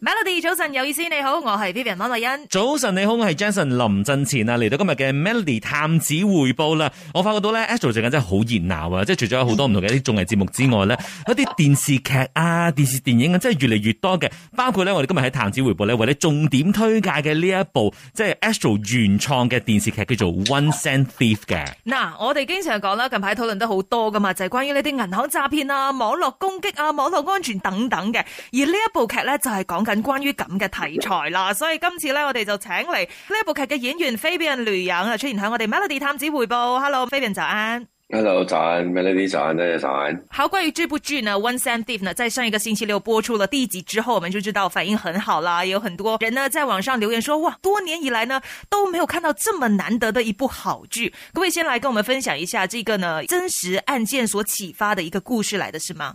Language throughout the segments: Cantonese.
Melody 早晨有意思，你好，我係 Vivian 溫麗欣。早晨你好，我係 Jason 林振前啊，嚟到今日嘅 Melody 探子回報啦。我發覺到咧，Astro 最近真係好熱鬧啊，即係除咗有好多唔同嘅一啲綜藝節目之外咧，一啲電視劇啊、電視電影啊，真係越嚟越多嘅。包括咧，我哋今日喺探子回報咧，為你重點推介嘅呢一部即係 Astro 原創嘅電視劇，叫做《One Cent Thief》嘅。嗱，我哋經常講啦，近排討論得好多噶嘛，就係關於呢啲銀行詐騙啊、網絡攻擊啊、網絡安全等等嘅。而呢一部劇咧，就係講緊關於咁嘅題材啦，所以今次咧，我哋就請嚟呢一部劇嘅演員 Fabian Loo 啊，出現喺我哋 Melody 探子回報。Hello，Fabian 早安。Hello，早安，Melody 早安，Hello，早安。 好，關於這部劇呢，One Cent Thiefs 呢，在上一個星期六播出了第一集之後，我們就知道反應很好啦，有很多人呢在網上留言說，哇，多年以來呢都沒有看到這麼難得的一部好劇。各位先來跟我們分享一下，這個呢真實案件所啟發的一個故事來的是嗎？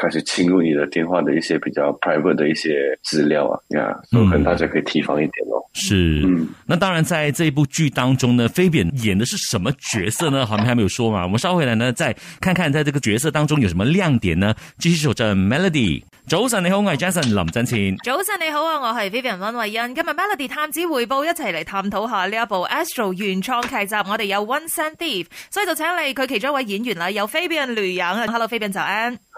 開始侵入你的電話的一些比較 private 的一些資料啊，呀、嗯啊，所以大家可以提防一點嘍、哦。是，嗯、那當然，在這一部劇當中呢，Fabian 演的是什麼角色呢？後面還沒有說嘛。我們稍回來呢，再看看在這個角色當中有什麼亮點呢？繼續守在 Melody。早晨你好，我係 Jason 林振前。早晨你好啊，我係 Vivian 溫慧恩。今日 Melody 探子回報，一齊嚟探討下呢一部 Astro 原創劇集。我哋有 One Cent Thief，所以就請你佢其中一位演員啦，有 Fabian 呂陽。Hello，Fabian 早安。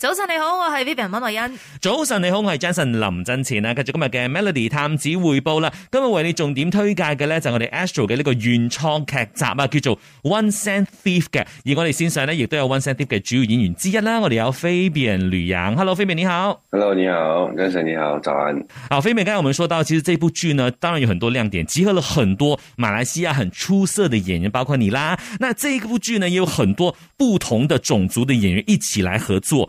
早晨你好，我係 Vivian 溫慧欣。早晨你好，我係 Jensen 林振前啊！繼續今日嘅 Melody 探子匯報啦。今日為你重點推介嘅咧就係、是、我哋 Astro 嘅呢個原創劇集啊，叫做 One Cent Thief 嘅。而我哋線上呢，亦都有 One Cent Thief 嘅主要演員之一啦。我哋有 Fabian 呂仁，Hello Fabian 你好，Hello 你好，Jensen 你好，早安。好、啊，Fabian 剛才我們說到，其實這部劇呢，當然有很多亮點，集合了很多馬來西亞很出色嘅演員，包括你啦。那這部劇呢，也有很多不同的種族嘅演員一起來合作。